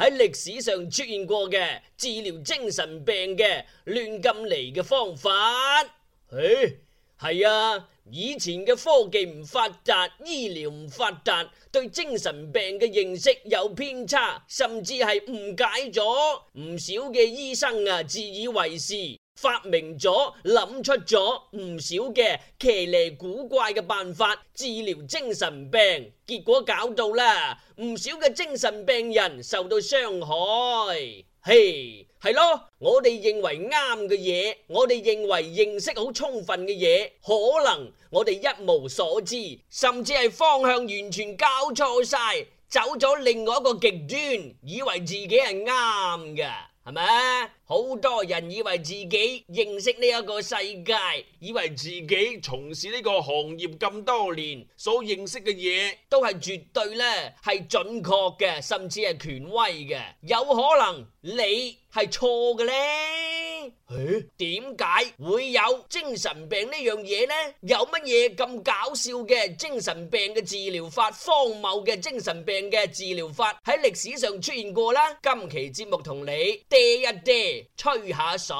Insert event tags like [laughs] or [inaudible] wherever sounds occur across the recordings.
喺歷史上出現過嘅治療精神病嘅亂咁嚟嘅方法，誒、哎，係啊，以前嘅科技唔發達，醫療唔發達，對精神病嘅認識有偏差，甚至係誤解咗唔少嘅醫生啊，自以為是。發明咗，諗出咗唔少嘅奇離古怪嘅辦法治療精神病，結果搞到啦，唔少嘅精神病人受到傷害。嘿，係咯，我哋認為啱嘅嘢，我哋認為認識好充分嘅嘢，可能我哋一無所知，甚至係方向完全搞錯晒，走咗另外一個極端，以為自己係啱嘅。係咪？好多人以為自己認識呢一個世界，以為自己從事呢個行業咁多年所認識嘅嘢，都係絕對咧，係準確嘅，甚至係權威嘅。有可能你。係錯嘅咧，誒、欸，點解會有精神病呢樣嘢呢？有乜嘢咁搞笑嘅精神病嘅治療法？荒謬嘅精神病嘅治療法喺歷史上出現過啦。今期節目同你嗲一嗲，吹下水。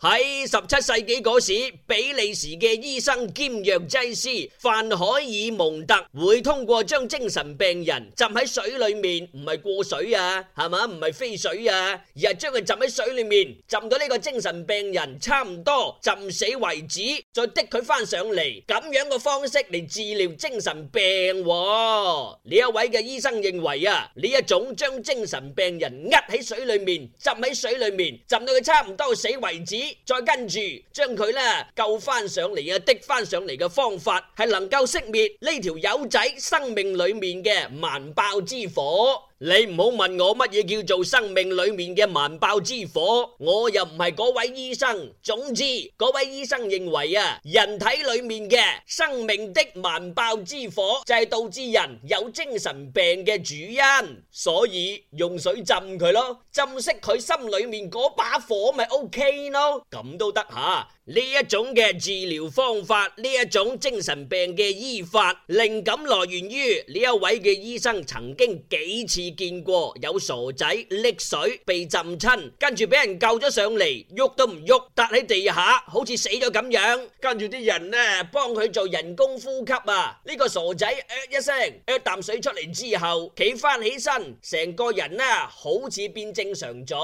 喺十七世紀嗰時，比利時嘅醫生兼藥劑師范海爾蒙特會通過將精神病人浸喺水裏面，唔係過水啊，係咪，唔係飛水啊，而係將佢浸喺水裏面，浸到呢個精神病人差唔多浸死為止，再滴佢翻上嚟，咁樣嘅方式嚟治療精神病哦。呢一位嘅醫生認為啊，呢一種將精神病人壓喺水裏面，浸喺水裏面，浸到佢差唔多死為止。再跟住，將佢咧救翻上嚟嘅，滴的翻上嚟嘅方法，係能夠熄滅呢條友仔生命裏面嘅萬爆之火。你唔好問我乜嘢叫做生命裏面嘅萬爆之火，我又唔係嗰位醫生。總之，嗰位醫生認為啊，人體裏面嘅生命的萬爆之火就係導致人有精神病嘅主因，所以用水浸佢咯，浸熄佢心裏面嗰把火咪 OK 咯，咁都得吓。呢一種嘅治療方法，呢一種精神病嘅醫法，靈感來源於呢一位嘅醫生曾經幾次，未見過有傻仔溺水被浸親，跟住俾人救咗上嚟，喐都唔喐，笪喺地下，好似死咗咁樣。跟住啲人呢，幫佢做人工呼吸啊。呢個傻仔呃一聲，一啖水出嚟之後，企翻起身，成個人呢，好似變正常咗。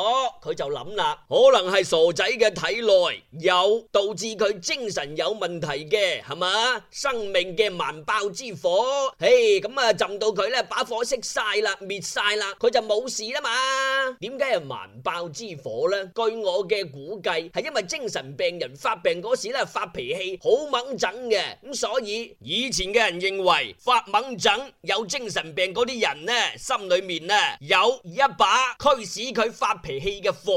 佢就諗啦，可能係傻仔嘅體內有導致佢精神有問題嘅，係嘛？生命嘅萬爆之火，嘿，咁啊，浸到佢呢，把火熄晒啦，滅。晒啦，佢就冇事啦嘛？點解係萬爆之火呢？據我嘅估計，係因為精神病人發病嗰時咧發脾氣好猛震嘅，咁所以以前嘅人認為發猛震有精神病嗰啲人呢，心裏面呢，有一把驅使佢發脾氣嘅火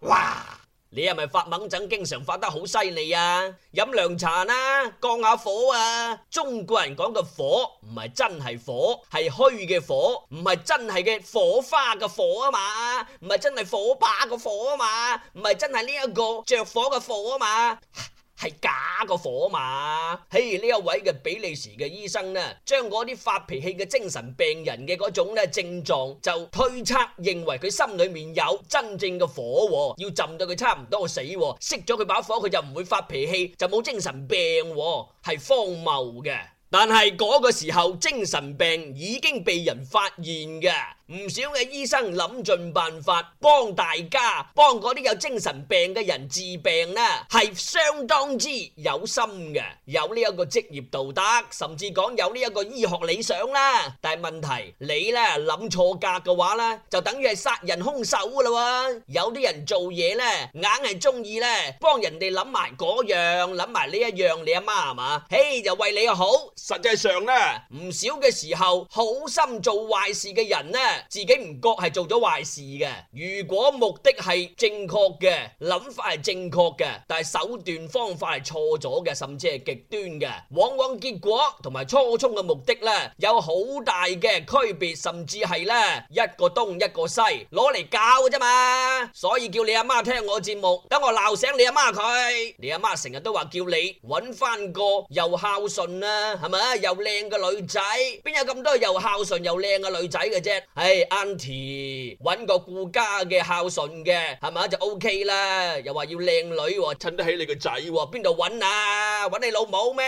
哇！你係咪發猛震？經常發得好犀利啊！飲涼茶啦、啊，降下火啊！中國人講嘅火唔係真係火，係虛嘅火，唔係真係嘅火花嘅火啊嘛，唔係真係火把嘅火啊嘛，唔係真係呢一個着火嘅火啊嘛。 [laughs] 係假個火嘛？嘿，呢一位嘅比利時嘅醫生咧，將嗰啲發脾氣嘅精神病人嘅嗰種咧症狀就推測，認為佢心裏面有真正嘅火喎，火，要浸到佢差唔多死，熄咗佢把火，佢就唔會發脾氣，就冇精神病喎，係荒謬嘅。但係嗰個時候，精神病已經被人發現嘅。唔少嘅醫生諗盡辦法幫大家，幫嗰啲有精神病嘅人治病呢係相當之有心嘅，有呢一個職業道德，甚至講有呢一個醫學理想啦。但係問題你呢，諗錯格嘅話呢，就等於係殺人兇手噶啦。有啲人做嘢呢，硬係中意呢，幫人哋諗埋嗰樣，諗埋呢一樣，你阿媽係嘛？嘿，又、hey, 為你又好。實際上呢，唔少嘅時候，好心做壞事嘅人呢。自己唔覺係做咗壞事嘅，如果目的係正確嘅，諗法係正確嘅，但係手段方法係錯咗嘅，甚至係極端嘅，往往結果同埋初衷嘅目的呢，有好大嘅區別，甚至係呢一個東一個西，攞嚟搞嘅啫嘛，所以叫你阿媽，媽聽我節目，等我鬧醒你阿媽佢，你阿媽成日都話叫你搵翻個又孝順啦、啊，係咪又靚嘅女仔，邊有咁多又孝順又靚嘅女仔嘅啫？哎阿 auntie，揾個顧家嘅孝順嘅，係咪啊就 OK 啦。又話要靚女，襯得起你個仔，邊度揾啊？揾你老母咩？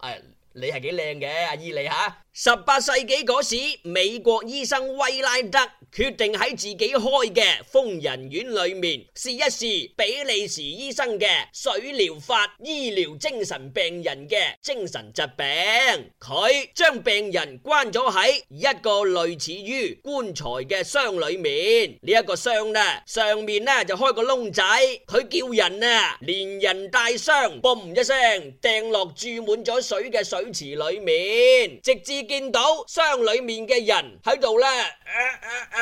誒，你係幾靚嘅阿姨你吓？十八世紀嗰時，美國醫生威拉德。決定喺自己開嘅瘋人院裏面試一試比利時醫生嘅水療法醫療精神病人嘅精神疾病。佢將病人關咗喺一個類似於棺材嘅箱裏面，呢一個箱呢，上面呢就開個窿仔，佢叫人啊連人帶箱嘣一聲掟落注滿咗水嘅水池裏面，直至見到箱裏面嘅人喺度呢。啊啊啊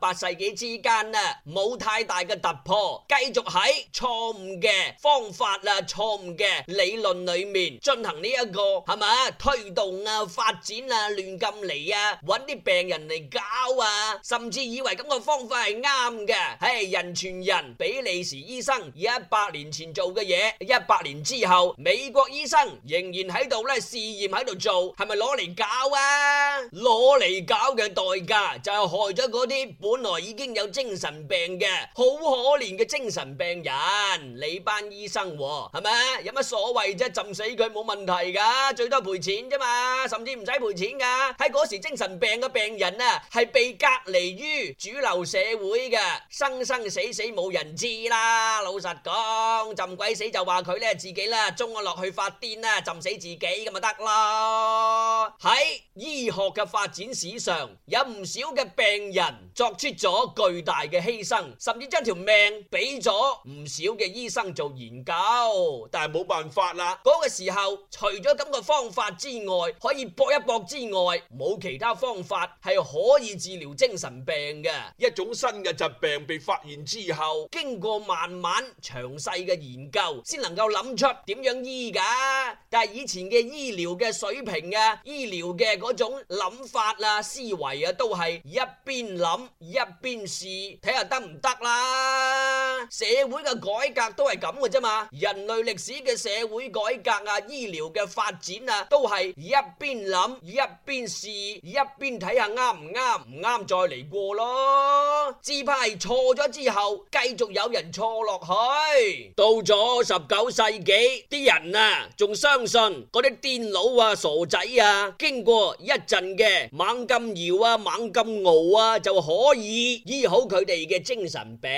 八世紀之間呀，冇太大嘅突破，繼續喺錯誤嘅方法啦、錯誤嘅理論裏面進行呢一個係咪呀？推動呀發展呀亂咁嚟呀，搵啲病人嚟搞呀，甚至以為噉個方法係啱嘅。係人傳人，比利時醫生一百年前做嘅嘢，一百年之後美國醫生仍然喺度試驗喺度做，係咪攞嚟搞呀？攞嚟搞嘅代價就係害咗嗰啲。本來已經有精神病嘅，好可憐嘅精神病人，你班醫生係咪有乜所謂啫？浸死佢冇問題噶，最多賠錢啫嘛，甚至唔使賠錢噶。喺嗰時，精神病嘅病人啊，係被隔離於主流社會嘅，生生死死冇人知啦。老實講，浸鬼死就話佢咧自己啦，中啊落去發癲啦，浸死自己咁咪得囉。喺醫學嘅發展史上，有唔少嘅病人作。出咗巨大嘅犧牲，甚至將條命俾咗唔少嘅醫生做研究，但係冇辦法啦。嗰個時候，除咗咁個方法之外，可以搏一搏之外，冇其他方法係可以治療精神病㗎。一種新嘅疾病被發現之後，經過慢慢詳細嘅研究，先能夠諗出點樣醫噶。但係以前嘅醫療嘅水平啊，醫療嘅嗰種諗法啊、思維啊，都係一邊諗。一邊試睇下得唔得啦，社會嘅改革都係咁嘅啫嘛。人類歷史嘅社會改革啊，醫療嘅發展啊，都係一邊諗一邊試，一邊睇下啱唔啱，唔啱再嚟過咯。只怕係錯咗之後，繼續有人錯落去。到咗十九世紀，啲人啊仲相信嗰啲癲佬啊、傻仔啊，經過一陣嘅猛咁搖啊、猛咁搖啊，啊，就可。可以醫好佢哋嘅精神病。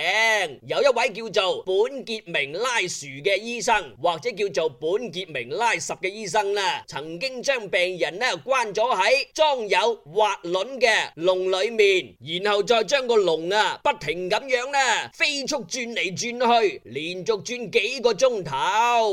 有一位叫做本傑明拉殊嘅醫生，或者叫做本傑明拉十嘅醫生啦，曾經將病人咧關咗喺裝有滑輪嘅籠裏面，然後再將個籠啊不停咁樣啦飛速轉嚟轉去，連續轉幾個鐘頭。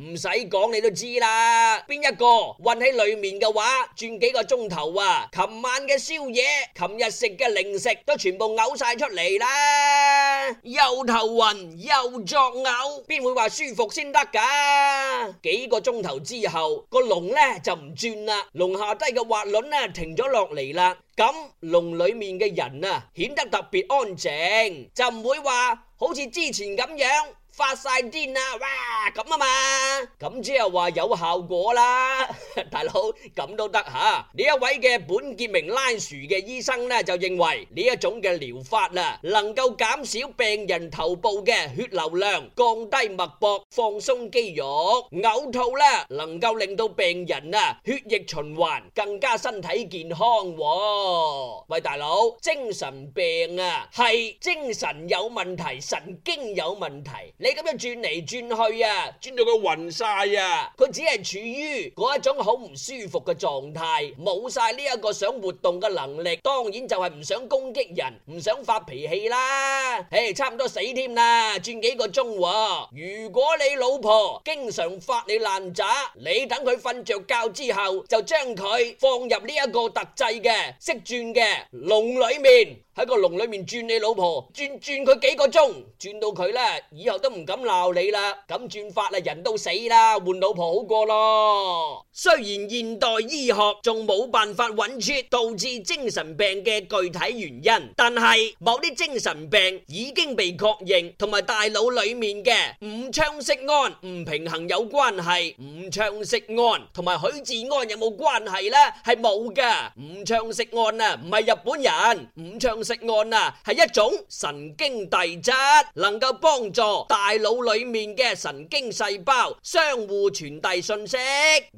唔使講，你都知啦。邊一個困喺裏面嘅話，轉幾個鐘頭啊？琴晚嘅宵夜，琴日食嘅零食，都全部嘔晒出嚟啦，又頭暈又作嘔，邊會話舒服先得噶？幾個鐘頭之後，個龍呢就唔轉啦，龍下低嘅滑輪呢停咗落嚟啦，咁龍裏面嘅人啊顯得特別安靜，就唔會話好似之前咁樣。發晒癲啊，哇咁啊嘛，咁即係話有效果啦，大佬咁都得吓。呢一位嘅本傑明拉殊嘅醫生呢就認為呢一種嘅療法啦，能夠減少病人頭部嘅血流量，降低脈搏，放鬆肌肉，嘔吐啦，能夠令到病人啊血液循環更加身體健康喎。喂，大佬，精神病啊係精神有問題，神經有問題。你。你咁樣轉嚟轉去啊，轉到佢暈晒啊，佢只係處於嗰一種好唔舒服嘅狀態，冇晒呢一個想活動嘅能力，當然就係唔想攻擊人，唔想發脾氣啦。誒，差唔多死添啦，轉幾個鐘喎，哦。如果你老婆經常發你爛渣，你等佢瞓着覺之後，就將佢放入呢一個特製嘅識轉嘅籠裏面。喺個籠裏面轉你老婆，轉轉佢幾個鐘，轉到佢呢，以後都唔敢鬧你啦。咁轉法啊，人都死啦，換老婆好過咯。雖然現代醫學仲冇辦法揾出導致精神病嘅具體原因，但係某啲精神病已經被確認同埋大腦裏面嘅五羥色胺唔平衡有關係。五羥色胺同埋許志安有冇關係呢？係冇噶，五羥色胺啊，唔係日本人，五羥色胺啊，係一種神經遞質，能夠幫助大腦裏面嘅神經細胞相互傳遞信息。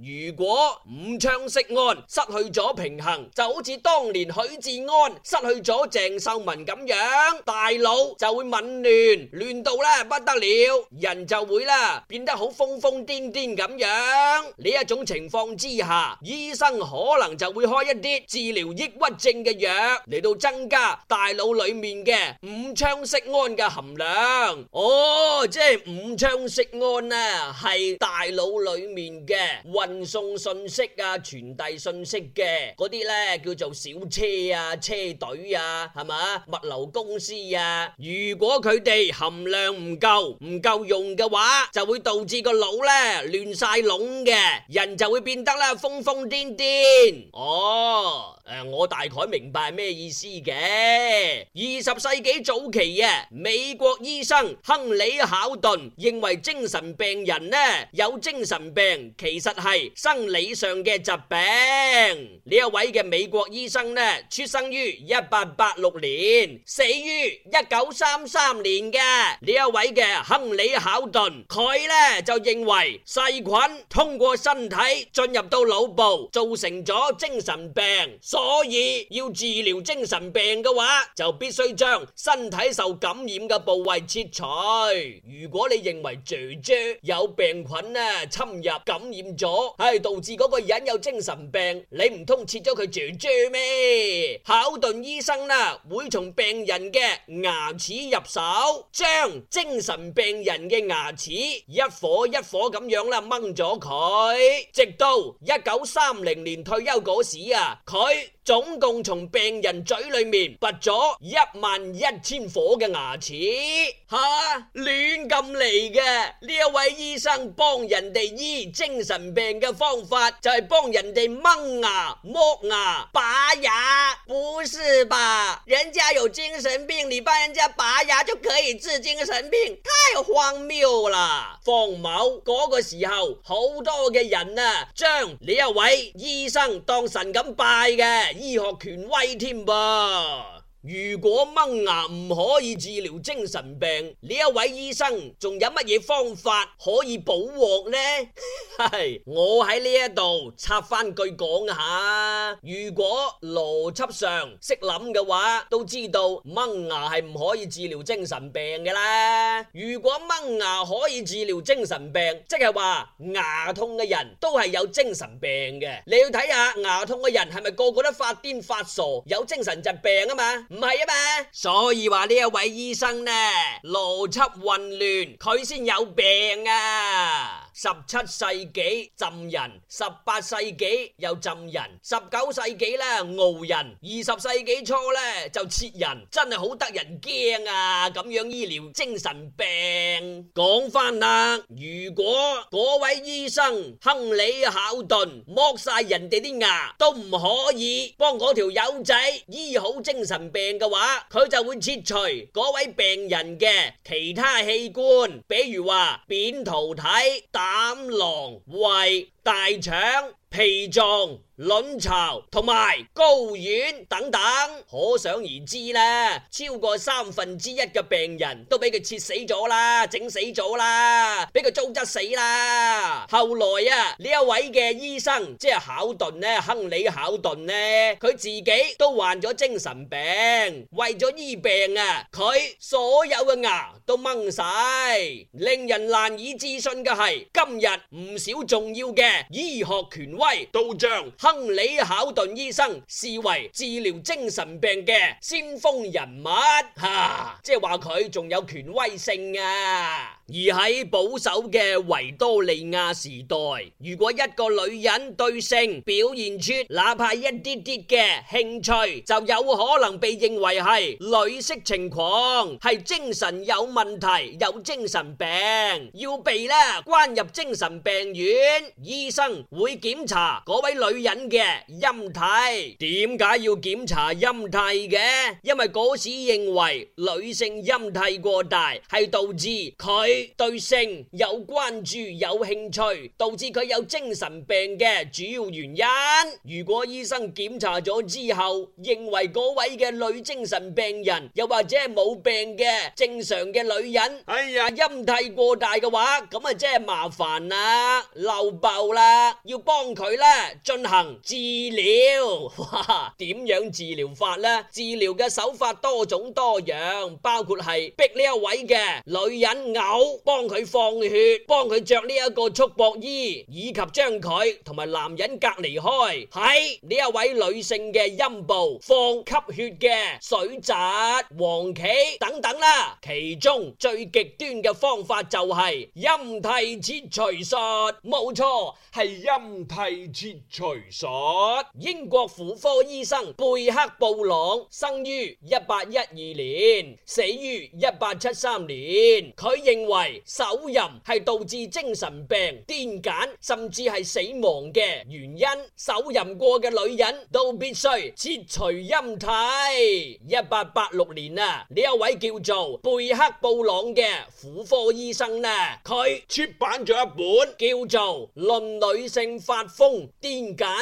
如果五羥色胺失去咗平衡，就好似當年許志安失去咗鄭秀文咁樣，大腦就會紊亂，亂到咧不得了，人就會啦變得好瘋瘋癲癲咁樣。呢一種情況之下，醫生可能就會開一啲治療抑鬱症嘅藥嚟到增加。大腦裏面嘅五羥色胺嘅含量，哦，即係五羥色胺啊，係大腦裏面嘅運送信息啊、傳遞信息嘅嗰啲呢，叫做小車啊、車隊啊，係嘛？物流公司啊，如果佢哋含量唔夠、唔夠用嘅話，就會導致個腦呢亂晒籠嘅，人就會變得啦瘋瘋癲癲，哦。誒，我大概明白咩意思嘅。二十世紀早期啊，美國醫生亨利考頓認為精神病人呢有精神病，其實係生理上嘅疾病。呢一位嘅美國醫生呢，出生於一八八六年，死於一九三三年嘅呢一位嘅亨利考頓，佢呢就認為細菌通過身體進入到腦部，造成咗精神病。所以要治療精神病嘅話，就必須將身體受感染嘅部位切除。如果你認為咀嚼有病菌啊，侵入感染咗，係，導致嗰個人有精神病，你唔通切咗佢咀嚼咩？考頓醫生啦，會從病人嘅牙齒入手，將精神病人嘅牙齒一顆一顆咁樣啦掹咗佢，直到一九三零年退休嗰時啊，佢。總共從病人嘴裏面拔咗一萬一千顆嘅牙齒吓，亂咁嚟嘅呢一位醫生幫人哋醫精神病嘅方法就係、是、幫人哋掹牙、剝牙、拔牙，不是吧？人家有精神病，你幫人家拔牙就可以治精神病，太荒謬啦！方某、那個時候好多嘅人啊，將呢一位醫生當神咁拜嘅。醫學權威添噃！如果掹牙唔可以治療精神病，呢一位醫生仲有乜嘢方法可以補鑊呢？ [laughs] 我喺呢一度插翻句講下啊！如果邏輯上識諗嘅話，都知道掹牙係唔可以治療精神病嘅啦。如果掹牙可以治療精神病，即係話牙痛嘅人都係有精神病嘅。你要睇下牙痛嘅人係咪個個個都發癲發傻，有精神疾病啊嘛？唔係啊嘛，所以話呢一位醫生呢，邏輯混亂，佢先有病啊！十七世紀浸人，十八世紀又浸人，十九世紀咧傲人，二十世紀初咧就切人，真係好得人驚啊！咁樣醫療精神病。講翻啦，如果嗰位醫生亨利考頓剝晒人哋啲牙都唔可以幫嗰條友仔醫好精神病嘅話，佢就會切除嗰位病人嘅其他器官，比如話扁桃體。膽囊、胃、大腸、脾臟、卵巢同埋睾丸等等，可想而知啦。超過三分之一嘅病人都俾佢切死咗啦，整死咗啦，俾佢糟質死啦。後來啊，呢一位嘅醫生即係考頓呢，亨利考頓呢，佢自己都患咗精神病，為咗醫病啊，佢所有嘅牙都掹晒。令人難以置信嘅係，今日唔少重要嘅醫學權威、到長。亨里考頓醫生視為治療精神病嘅先鋒人物，吓，即係話佢仲有權威性啊。而喺保守嘅維多利亞時代，如果一個女人對性表現出哪怕一啲啲嘅興趣，就有可能被認為係女色情狂，係精神有問題，有精神病。要被咧關入精神病院，醫生會檢查嗰位女人嘅陰蒂。點解要檢查陰蒂嘅？因為嗰時認為女性陰蒂過大，係導致佢對性有關注、有興趣，導致佢有精神病嘅主要原因。如果醫生檢查咗之後認為嗰位嘅女精神病人，又或者係冇病嘅正常嘅女人，哎呀，陰蒂過大嘅話，咁啊真係麻煩啦，漏爆啦，要幫佢咧，進行。治療哇，點樣治療法呢？治療嘅手法多種多樣，包括係逼呢一位嘅女人嘔，幫佢放血，幫佢着呢一個束縛衣，以及將佢同埋男人隔離開，喺呢一位女性嘅陰部放吸血嘅水蛭、黃芪等等啦。其中最極端嘅方法就係陰蒂切除術，冇錯，係陰蒂切除。英國婦科醫生貝克布朗生於1812年，死於1873年。佢認為手淫係導致精神病、癲癇，甚至係死亡嘅原因，手淫過嘅女人都必須切除陰蒂1886年啊呢一位叫做貝克布朗嘅婦科醫生呢，佢出版咗一本叫做論女性發瘋、癲癇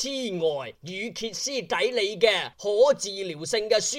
痴呆與歇斯底里嘅可治療性嘅書，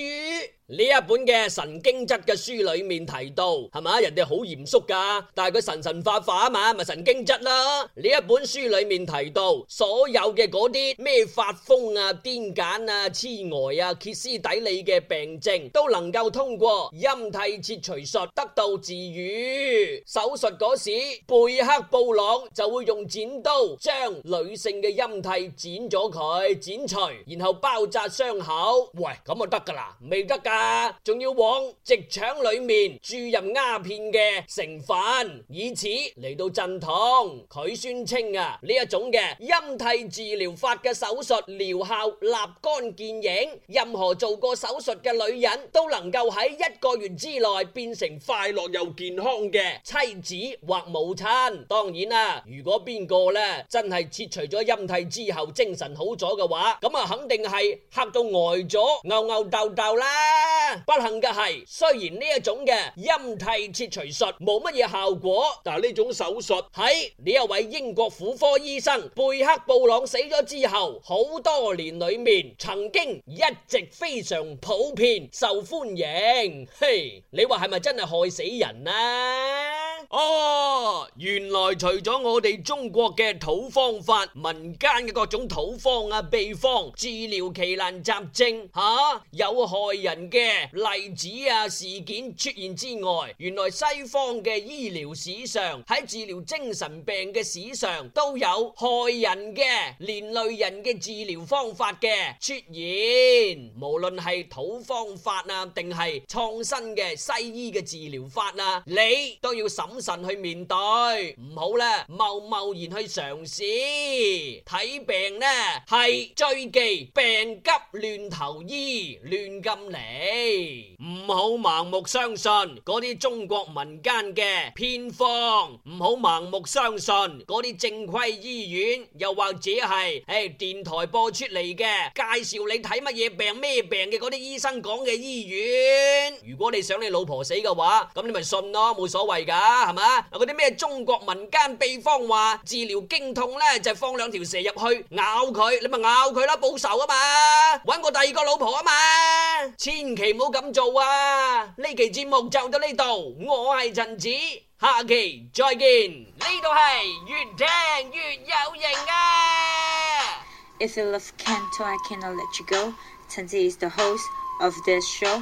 呢一本嘅神經質嘅書裏面提到係咪人哋好嚴肅噶？但係佢神神化化啊嘛，咪神經質啦，呢一本書裏面提到所有嘅嗰啲咩發瘋啊、癲癇啊、痴呆啊、歇斯底里嘅病症，都能夠通過陰蒂切除術得到治愈。手術嗰時，貝克布朗就會用剪刀將女性嘅陰蒂剪。咗佢剪除，然後包紮傷口。喂，咁就得噶啦，未得噶？仲要往直腸裏面注入鴉片嘅成分，以此嚟到鎮痛。佢宣稱啊，呢一種嘅陰蒂治療法嘅手術療效立竿見影，任何做過手術嘅女人都能夠喺一個月之內變成快樂又健康嘅妻子或母親。當然啦，如果邊個咧真係切除咗陰蒂之後精神好咗嘅話，咁啊肯定係吓到呆咗，吽吽斗斗啦。不幸嘅係，雖然呢一種嘅陰蒂切除術冇乜嘢效果，但係呢種手術喺呢一位英國婦科醫生貝克布朗死咗之後，好多年裏面曾經一直非常普遍受歡迎。嘿，你話係咪真係害死人啊？哦，原來除咗我哋中國嘅土方法神去面對，唔好咧貿貿然去嘗試睇病咧，係追忌病急亂投醫亂咁嚟，唔好盲目相信嗰啲中國民間嘅偏方，唔好盲目相信嗰啲正規醫院，又或者係誒電台播出嚟嘅介紹你睇乜嘢病咩病嘅嗰啲醫生講嘅醫院。如果你想你老婆死嘅話，咁你咪信咯，冇所謂噶。係嘛？嗰啲咩中國民間秘方話治療經痛呢，就係，放兩條蛇入去咬佢，你咪咬佢啦，報仇啊嘛，揾個第二個老婆啊嘛，千祈唔好咁做啊！呢期節目就到呢度，我係陳子，下期再見。呢度係越聽越有型啊！If you love can't or I cannot let you go，陳子是 the host of this show。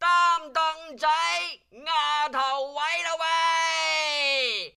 擔凳仔，霸頭位啦喂！